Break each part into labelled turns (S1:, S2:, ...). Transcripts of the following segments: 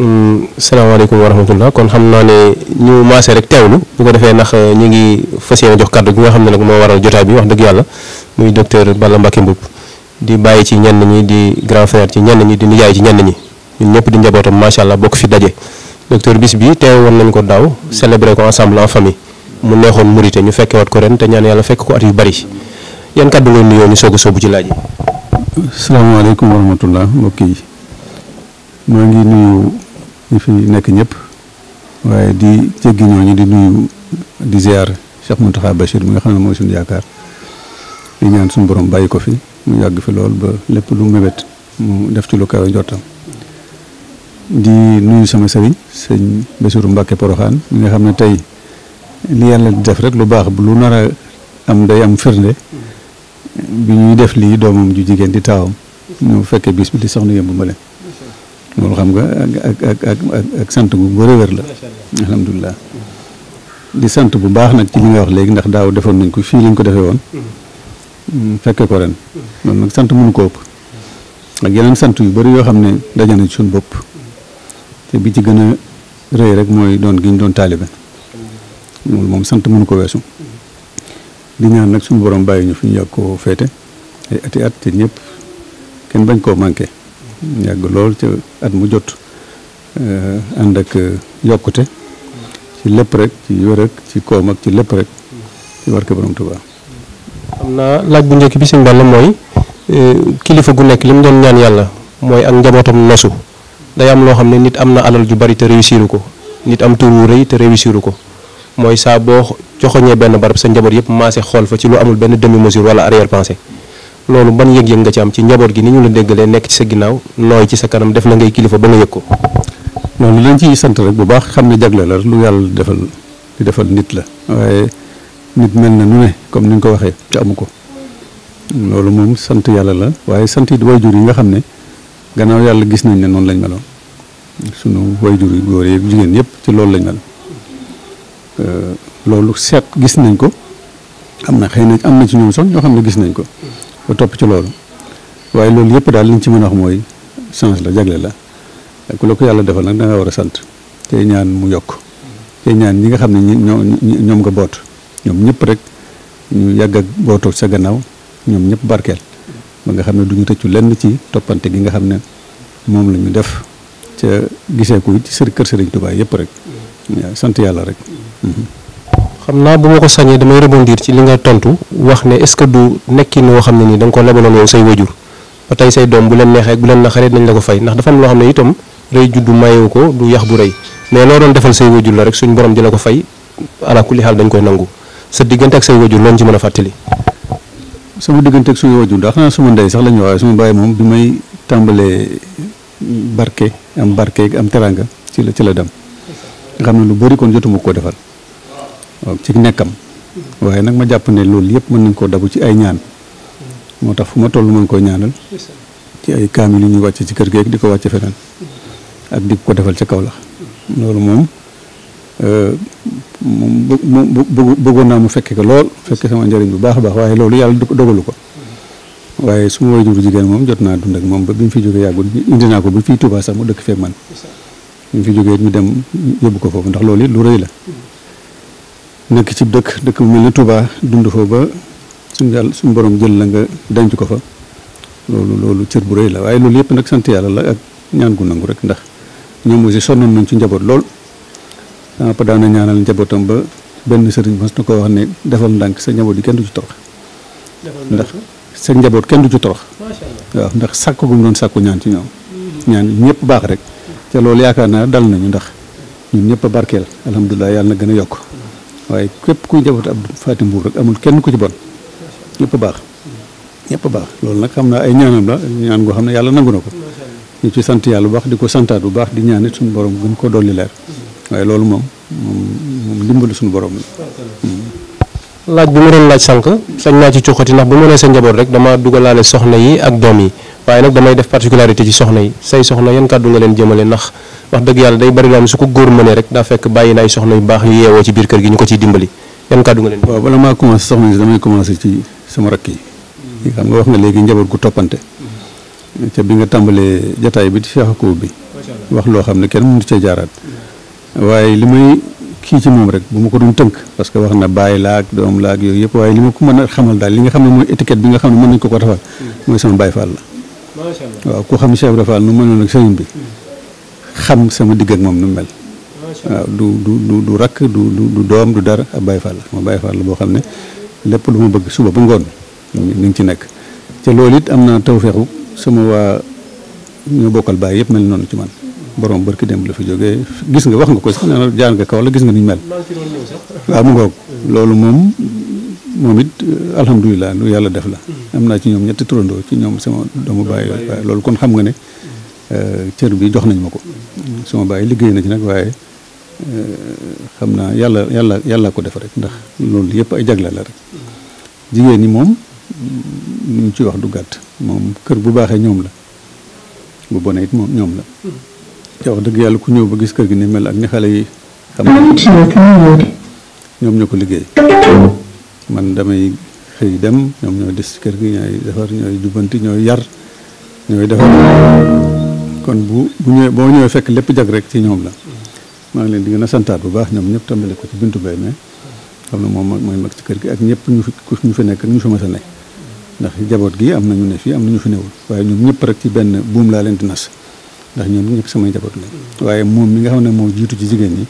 S1: Mm, salaamaaleykum wa rahmatullah kon xam naa ne ñu maase rek teewlu bu ko defee nax eh, ñu ngi fas yéene jox kàddu gi nga xam ne nag moo waral jotaay bi wax dëgg yàlla muy docteur Balla Mbacké Mboup di bàyyi ci ñenn ñi di grand frère ci ñenn ñi di nijaay ci ñenn ñi ñun ñëpp di njabootam macha allah bokk fi daje docteur bis bi teew woon nañ ko daaw célébré ko ensemble en famille mu neexoon murite ñu fekke wat ko ren te ñaan yàlla fekk ko at yu bari yan kàddu ngeen nuyoo ñu soog a sóobu ci laaj yi.
S2: salaamaaleykum wa rahmatullah mbokk yi ñu fi nekk ñëpp waaye di jéggi ñooñu di nuyu di ziar Cheikh Mountakha Bachir mi nga xam ne mooy suñu yaakaar di ñaan suñ borom bàyyi ko fi mu yàgg fi lool ba lépp lu mébét mu def ci lu kawe njortam di nuyu sama sëriñ sëñ Bassirou Mbacke Poroxaan mi nga xam ne tey li yàlla di def rek lu baax bu lu nar am day am firnde bi ñuy def lii doomam ju jigéen di taawam ñu fekkee bis bi di soxna yëmb ma loolu xam nga ak ak ak sant bu wër a wër la. alhamdulilah di sant bu baax nag ci li nga wax léegi ndax daaw defoon nañ ko fii lañ ko defee woon. Mm-hmm. Mm, fekkee ko ren. moom mm-hmm. nag sant mënu ko ëpp. ak yeneen sant yu bëri yoo xam ne daje nañ suñu bopp. Mm-hmm. te bi ci gën a rëy rek mooy doon gi ñu doon taalibe. moom sant mënu ko weesu. di ñaan nag suñu borom bàyyi ñu fi ñu yàgg koo féete ay ati at ñëpp kenn bañ koo manqué. yàgg lool ca at mu jot eh, ànd ak yokkute ci lépp rek ci wér ak ci koom ak ci lépp rek ci barke borom Tuuba
S1: am naa laaj bu njëkk bi sëñ Balla mooy eh, kilifa gu nekk li mu doon ñaan yàlla mooy ak njabootam nosu day am loo xam ne nit am na alal ju bari te réussiru ko nit am tur wu rëy te réussiru ko mooy saa boo joxoñee benn barab sa njaboot yëpp maase xool fa ci lu amul benn demi mesure wala arrière pensée loolu ban yëg-yëg nga ci am ci njaboot gi ni ñu la déggalee nekk ci sa ginnaaw looy ci sa kanam def la ngay kilifa ba nga yëg ko. noonu lañ ciy sant rek bu baax xam ne
S2: jagle la lu yàlla defal di defal nit la waaye nit mel na nu ne comme ni nga ko waxee te amu ko loolu moom sant yàlla la waaye sant it jur yi nga xam ne gannaaw yàlla gis nañ ne noonu lañ meloon sunu jur yu góor yeeg jigéen yëpp ci loolu lañ meloon euh, loolu seet gis nañ ko am na xëy na am na ci ñoom ñoo xam ne gis nañ ko ba topp ci loolu waaye loolu yëpp daal li ci mën a wax mooy chance la jagle la ku la ko yàlla defal nag da nga war a sant tey ñaan mu yokk te ñaan ñi nga xam ne ñoom nga boot ñoom ñëpp rek ñu yàgg bootu bootoo gannaaw ñoom ñëpp barkeel ma nga xam ne du ñu tëccu lenn ci toppante gi nga xam ne moom lañu ñu def ca giseeku ci sër kër Sëriñ Tuubaa yëpp rek
S1: sant yàlla rek mm-hmm. Mm-hmm. xam naa bu ma ko sañee damay rebondir ci li nga tontu wax ne est-ce que du nekkin woo xam ne nii da nga ko lebaloon yow say wajur ba tey say doom bu leen neexee bu leen naxaree nañ la ko fay ndax dafa am loo xam ne ko du yax bu rëy mais loo doon defal say wajur la rek suñ borom di la ko fay ala dañ koy nangu sa diggante ak say wajur loon ci mën a fàttali. sama diggante ak suñu wajur ndax xanaa suma ndey sax la ñu waxee suma bàyyi moom bi may
S2: tàmbalee barke am barke am teranga ci la ci la dem nga ne lu bëri kon jotuma ko defal ci nekkam waaye nag ma jàpp ne loolu yëpp mën nañ koo dabu ci ay ñaan moo tax fu ma toll ma ngi koy ñaanal ci ay kaamil yu ñuy wàcce ci kër gi ak di ko wàcce feneen ak di ko defal ca kaw la loolu moom euh, moom bëggoon naa mu fekke ko lool fekke sama njëriñ bu baax baax waaye loolu yàlla dogalu ko waaye su ma waajuru jigéen moom jot naa dund ak moom ba bi mu fi jógee yàggul indi naa ko ba fii Touba sax mu dëkk fee man bi mu fi jógee ñu dem yóbbu ko foofu ndax loolu la nekk ci dëkk dëkk bu mel ne Touba dund foo ba suñu yàlla suñu borom jël la nga denc ko fa loolu loolu cër bu rëy la waaye loolu yëpp nag sant yàlla la ak ñaan gu nangu rek ndax ñoom aussi sonnoon nañ ci njaboot lool sama ah, pa daana ñaanal njabootam ba benn sëriñ mas na ko wax ne defal ndànk sa njaboot yi kenn du ci torox ndax sa njaboot kenn du ci torox waaw ndax sàkku gu mu doon sàkku ñaan ci ñoom ñaan ñëpp baax rek te loolu yaakaar naa dal nañu ndax ñun ñëpp a barkeel alhamdulilah yàlla na gën a yokk waaye képp kuy njaboot ab faati mbuub rek amul kenn ku ci bon ñëpp baax ñëpp a baax loolu nag xam naa ay ñaanam la ñaan goo xam ne yàlla nangu na ko ñu ci sant yàlla bu baax di ko santaat bu baax di ñaanit suñu borom gën koo dolli leer waaye loolu moom moom dimbalu suñu borom la.
S1: Hmm. laaj bi mu doon laaj sànq sañ naa ci coxati ndax bu ma nee sa njaboot rek dama dugalaale soxna yi ak doom yi waaye nag damay def particularité ci soxna yi say soxna yan kàddu nga leen jëmale ndax. wax dëgg yàlla day bari loo xam su ko góor mënee rek daa fekk bàyyi na ay soxna yu baax yu yeewoo ci biir kër gi ñu ko ciy dimbali yan nga leen. waaw
S2: bala sama rakk yi hmm. xam nga wax nga léegi njaboot gu toppante hmm. ca bi nga tàmbalee jataay bi ci feexakoo bi wax loo xam ne kenn mënu cee jaaraat waaye li may kii ci moom rek bu ma ko doon tënk parce que wax na bàyyi laag doom laag yooyu yëpp waaye li ma ko mën a xamal daal li nga xam ne mooy étiquette bi nga xam ne mën nañ ko ko defal hmm. mooy sama Baye Fall
S1: la waaw
S2: ku xam Cheikh Ibra Fall nu mënoon ak sëriñ bi xam sama digg moom nu mu mel. waaw du du du du du du doom du dara ab Baye Fall ma Baye Fall boo xam ne lépp lu ma bëgg suba bu ngoon mi ngi ci nekk. te loolu it am naa tawféexu sama waa ñoo bokkal baay yëpp mel noonu ci man borom barki dem la fi jóge gis nga wax nga ko si nee na jaar nga kaw la gis nga ni ñu mel. waaw mu ngoog loolu moom moom it alhamdulilah lu yàlla def la. Hmm. am naa ci ñoom ñetti turandoo ci ñoom sama doomu baay loolu kon xam nga ne. Euh, cër bi jox nañ ma ko sama bàyyi liggéey na ci nag waaye euh, xam naa yàlla yàlla yàlla ko def rek ndax loolu yëpp ay jagle la rek jigéen ñi moom ñu ngi ciy wax du gàtt moom kër bu baaxee ñoom la bu bonee it moom ñoom la wax dëgg yàlla ku ñëw ba gis kër gi ni mel ak ni xale yi ñoom ñoo ko liggéey man damay xëy dem ñoom ñooy des ci kër gi ñooy defar ñooy jubbanti ñooy yar ñooy defar kon bu bu boo ñëwee fekk lépp jag rek ci ñoom la maa ngi leen di gën a santaat bu baax ñoom ñëpp tàmbale ko ci bintu bay mais xam na moom mooy mag ci kër gi ak ñëpp ñu fi ñu fi nekk ñu fi mas a nekk ndax jaboot gi am na ne fii am na ñu fi newul waaye ñoom ñëpp rek ci benn buum laa leen di nas ndax ñoom ñëpp la waaye moom mi nga xam ne moo jiitu ci jigéen ñi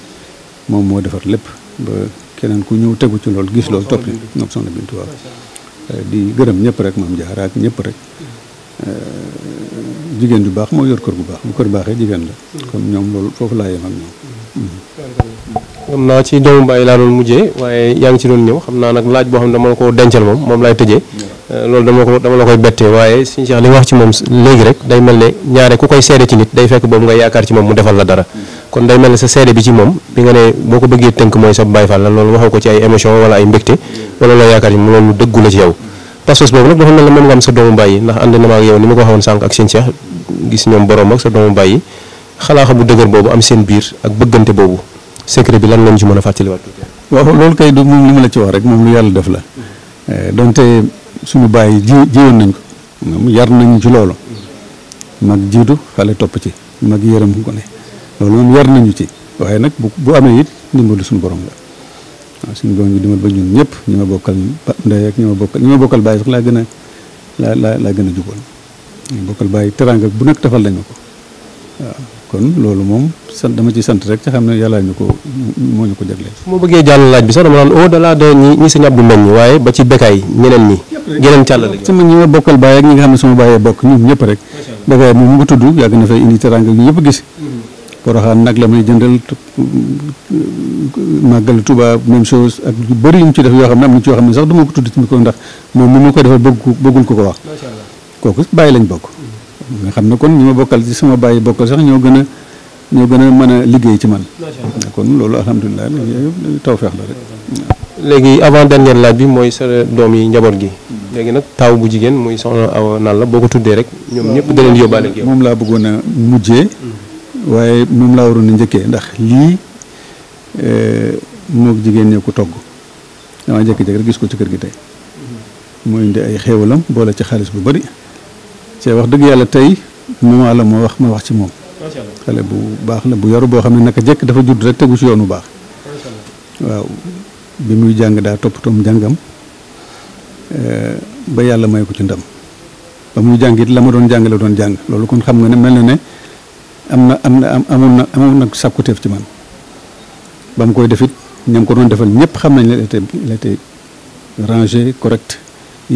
S2: moom moo defar lépp ba keneen ku ñëw tegu ci lool gis loolu topp yi moom soxna bintu waaw di gërëm ñëpp rek maam jaar ak ñëpp rek jigéen ju baax moo yor kër gu baax bu kër baaxee jigéen la. kon ñoom loolu foofu laa yem ak ñoom. Mm-hmm.
S1: xam naa ci doomu bàyyi laa doon mujjee waaye yaa ngi ci doon ñëw xam naa nag laaj boo xam ne dama la ko dencal moom moom uh, loolu dama ko dama la koy bette waaye suñu Cheikh li nga wax ci moom léegi rek day mel ne ñaare ku koy seede ci nit day fekk boobu nga yaakaar ci moom mu defal la dara mm-hmm. kon day mel ne sa seede bi ci moom bi nga ne boo ko bëggee tënk mooy sa Baay Faal la loolu waxoo ko ci ay émotion wala ay mbégte wala loo yaakaar ci moom loolu la ci yow pas-pas boobu nag dafa mel nga am sa doomu baay yi ndax ànd na ma ak yow ni ma ko waxoon sànq ak seen Cheikh gis ñoom borom sa doomu baay yi xalaaxa bu dëgër boobu am seen biir ak bëggante boobu secret bi lan lañ ci mën a fàttaliwaat. waaw loolu kay du moom li ma la ci wax rek moom lu yàlla def la eh,
S2: donte suñu baay yi ji jiwoon nañ ko moom yar nañ ci loolu mag jiitu xale topp ci mag yërëm ko ne loolu moom yar nañu ci waaye nag bu bu amee it ndimbalu suñu borom la. waaw suñu borom bi dimbal ba ñun ñëpp ñu ma bokkal ndey ak ñu ma bokkal ñu ma bokkal bàyyi sax laa gën a laa laa gën a jubal ñu bokkal bàyyi teraanga bu nekk tafal nañ ko kon loolu moom sant dama ci sant rek ca xam ne yàllaa ñu ko moo ñu ko jagleel.
S1: fu jàll laaj bi sax dama naan au delà de ñi ñi sëñ waaye ba ci bekkaay ñeneen ñi. yeneen càllale yi sama ñi ma bokkal bàyyi ak ñi nga xam ne sama bàyyee bokk ñun ñëpp rek. bekkaay moom
S2: mu ngi tuddu yàgg na fay indi teraanga ñu ñëpp gis mm-hmm. Porokhane nag la may jëndal màggal Touba même chose ak yu bëri yu mu ci def yoo xam ne am na ci yoo xam ne sax du ma ko tudd ci ko ndax moom mi ma ko defal bëgg ko bëggul ko ko wax. macha allah kooku bàyyi lañ bokk. nga xam ne kon ñi ma bokkal ci sama bàyyi bokkal sax ñoo gën a ñoo gën a mën a liggéey ci man. kon loolu alhamdulilah tawfeex la rek.
S1: léegi avant dernière laaj bi mooy sa doom yi njaboot gi. léegi nag taaw bu jigéen muy soxna aw naan la boo ko tuddee rek. ñoom ñëpp da leen yóbbaale moom laa bëggoon a mujjee waaye moom laa waroon a njëkkee ndax lii
S2: eh, moog jigéen ñee ko togg dama jékki-jékki rek gis ko ci kër gi tey mooy indi ay xéewalam boole ci xaalis bu bari cee wax dëgg yàlla tey moment moo wax ma wax ci moom xale bu baax na bu yaru boo xam ne naka jekk dafa judd rek tegu ci yoon bu baax waaw bi muy jàng daa toppatoom jàngam eh, ba yàlla may ko ci ndam ba muy jàngit la ma doon jàngale doon jàng loolu kon xam nga ne mel na ne am na am na am na nag na sàkkuteef ci man ba mu koy defit ñam ko doon defal ñëpp xam nañ la était la était rangé correct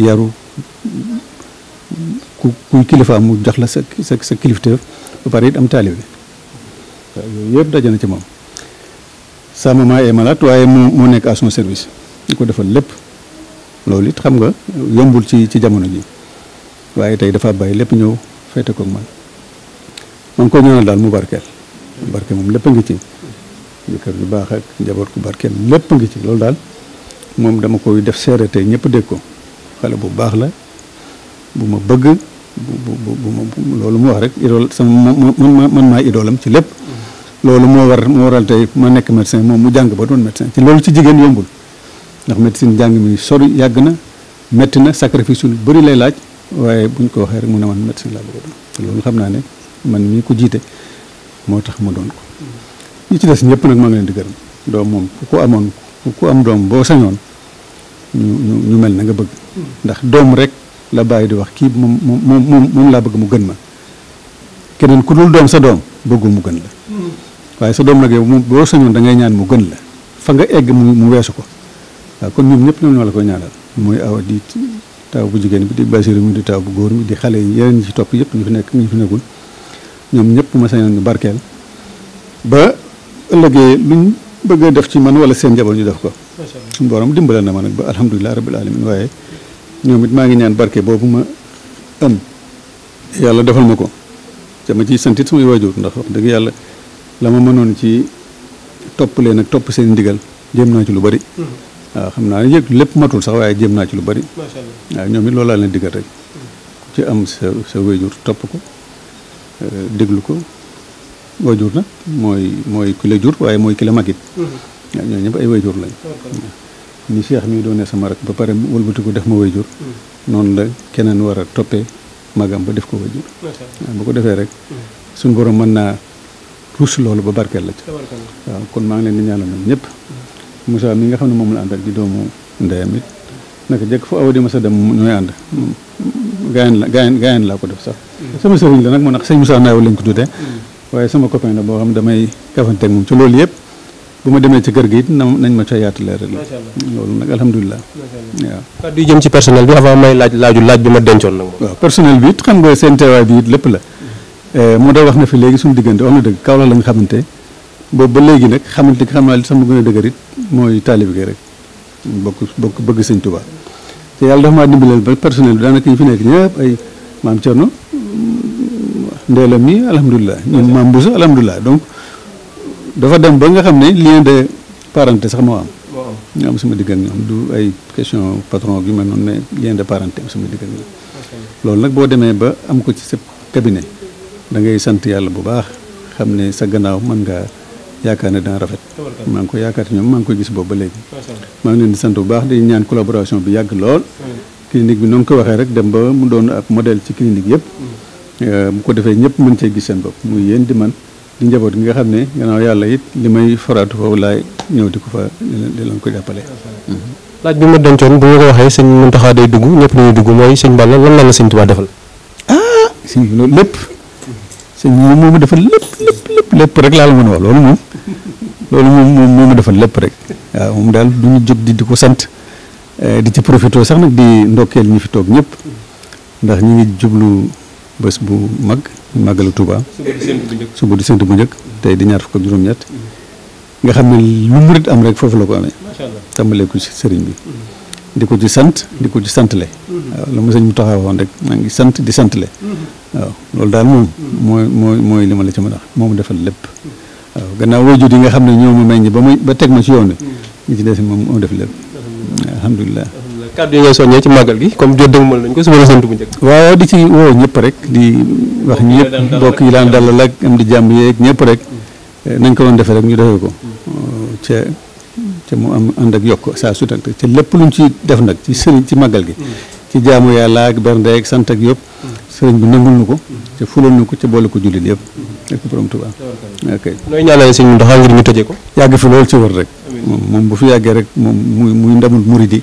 S2: yaru ku kuy kilifa mu jox la sa sa sa kilifteef ba pare it am taalibe waaw yëpp daje na ci moom sa maman est malade waaye mu moo nekk à son service ñu ko defal lépp loolu it xam nga yombul ci ci jamono ji waaye tey dafa bàyyi lépp ñëw féete koog man maa ngi koy ñaanal daal mu barkeel barke moom lépp ngi ci jëkkër ju baax ak njaboot ku barkeel lépp a ngi ci loolu daal moom dama koy def seere tey ñëpp dégg ko xale bu baax la bu ma bëgg bu bu bu ma loolu mu wax rek idool sama man man maa idoolam ci lépp loolu moo war moo waral tey ma nekk médecin moom mu jàng ba doon médecin ci loolu ci jigéen yombul ndax médecine jàng mi sori yàgg na métti na sacrifice lu bëri lay laaj waaye buñ ko waxee rek mu ne man médecin laa bëgg a loolu xam naa ne man mii ko jiite moo tax ma doon ko ñi ci des ñëpp nag maa ngi leen di gërëm doom moom ku ko amoon ku am doom boo sañoon ñu ñu mel na nga bëgg ndax doom rek la bàyyi di wax kii moom moom moom laa bëgg mu gën ma keneen ku dul doom sa doom bëggu mu gën la waaye sa doom nag yow boo sañoon da ngay ñaan mu gën la fa nga egg mu weesu ko waaw kon ñoom ñëpp ñoo la koy ñaanal mooy awa di taaw bu jigéen bi di basiru mi di taaw bu góor mi di xale yi yeneen ci topp yëpp ñu fi nekk ñu fi nekkul ñoom ñëpp ma sañoon ñu barkeel ba ëllëgee luñ bëgg def ci man wala seen njaboot ñu def ko suñu borom dimbale na ma nag ba alhamdulilah rabbil alamin waaye ñoom it maa ngi ñaan barke boobu ma am yàlla defal ma ko dama ciy sant it samay waajur ndax wax dëgg yàlla la ma mënoon ci topp leen ak topp seen ndigal jéem naa ci lu bari mm-hmm. waaw xam naa yëg lépp matul sax waaye jéem naa ci lu bari
S1: waaw
S2: ñoom it loolu laa leen digal rek ku mm-hmm. ci am sa sa waajur topp ko Euh, déglu ko waajur nag mooy mooy ki la jur waaye mooy ki la mag it mm-hmm. ñoo ñëpp ay waajur lañ ni Cheikh mi doone sama rak ba pare wëlbatiku def ma waajur mm-hmm. noonu la keneen war a toppee magam ba def ko waajur ah, bu ko defee rek mm-hmm. suñ borom mën naa ruus loolu ba barkeel la ci waaw kon maa ngi leen di ñaanal ñoom ñëpp Moussa mi nga xam ne moom la àndal di doomu ndeyam it naka jëkk fu awa di ma sa dem ñooy ànd gaayen la gaayen gaayen laa ko def sax sama sëriñ la nag moo tax sëñ Moussa Naaw lañ ko tuddee waaye sama copain la boo xam damay kafanteeg moom ci loolu yëpp bu ma demee ci kër gi it na ma ca yaatu leeral loolu nag alhamdulilah waaw kàddu yi jëm ci
S1: personnel bi avant laaj laaj bi ma dencoon
S2: nag xam nga seen teewaay lépp la eh, moo day wax na fi léegi suñu diggante wax na dëgg kaw la lañ xamante boobu ba léegi nag xamante xam naa li sax mu gën a dëgër it mooy taalib gi rek bokk bokk bëgg sëñ Tuubaa te yàlla dafa maa dimbaleel ba personnel bi daanaka ñu fi nekk ñëpp ay maam Thierno ndeelam mi alhamdulilah ñoom maam Boussa alhamdulilah donc dafa dem ba nga xam ne lien de parenté sax moo am. waaw ñu am sama digg ñoom du ay question patron yu mel noonu mais lien de parenté am suma digg ñoom. loolu nag boo demee ba am ko ci sa cabinet da ngay sant yàlla bu baax xam ne sa gannaaw man ngaa. yaakaar ne dana rafet maa ngi ko yaakaar ñoom maa ngi koy gis boobu ba léegi maa ngi leen di sant bu baax di ñaan collaboration bi yàgg lool clinique bi noonu ko waxee rek dem ba mu doon ab modèle ci clinique yëpp mm. euh, bu ko defee ñëpp mën cee gis seen bopp muy yéen di man di njaboot nga xam ne yàlla it li may faraatu foofu laay ñëw di ko fa di leen ko jàppale mm-hmm.
S1: laaj bi ma dencoon bu ñu ko waxee sëñ Muntaxa day dugg ñëpp dañuy dugg mooy sëñ Balla lan la la sëñ Tuubaa defal ah lépp sëñ bi moom dafa lépp lépp lépp lépp rek laa la mën wax loolu moom loolu moom
S2: moom ma defal lépp rek waaw moom daal du ñu jóg di di ko sant eh, di ci profito sax nag di ndokkeel ñi fi toog ñëpp ndax ñu ngi jublu bés bu mag màggalu Touba. suba di sant bu njëkk tey di ñaar fukk ak juróom-ñett nga xam ne lu murit am rek foofu la ko amee. macha sëriñ bi. Mm-hmm. di ko ci sant di ko ci santle waaw lu ma sëñ mu taxaw woon rek maa ngi sant di santle waaw loolu daal moom mooy mooy mooy li ma la ci mën a moom defal lépp waaw gannaaw waajur yi nga xam ne ñoo ma meññ ba muy ba teg ma ci yoon bi ñu ci des moom moo def lépp alhamdulilah
S1: kàddu yi ngay soññee ci màggal gi comme jot dama mën ko su ma la sant bu njëkk
S2: waaw di ci woo ñëpp rek di wax ñëpp bokk yi daan dalal ak am di jàmm yeeg ñëpp rek eh, nañ ko doon defee rek ñu defee ko mm. te mu am ànd ak yokk saa su te te lépp luñ ci def nag ci sëriñ ci màggal gi ci jaamu yàlla ak bernde ak sant ak yëpp sëriñ bi nangul nu ko te fulal nu ko ci boole ko jullit yëpp ak borom Tuubaa ok nooy ñaanale sëñ Muntaxa ngir ñu tëjee ko yàgg fi lool ci wër rek moom moom bu fi yàggee rek moom muy muy ndamul muridi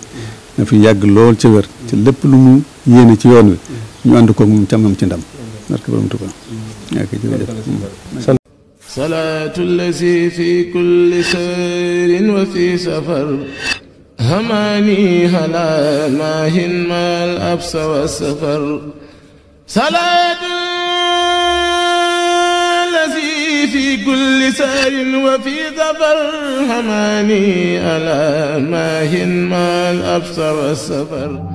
S2: na fi yàgg lool ci wër ci lépp lu mu yéene ci yoon wi ñu ànd ko moom càmmam ci ndam
S1: salaatu lazi fi kulli sayrin wa fi safar hamaani halal maahin maal absa wa safar salaatu lazi fi kulli sayrin wa fi safar hamaani halal maahin maal absa wa safar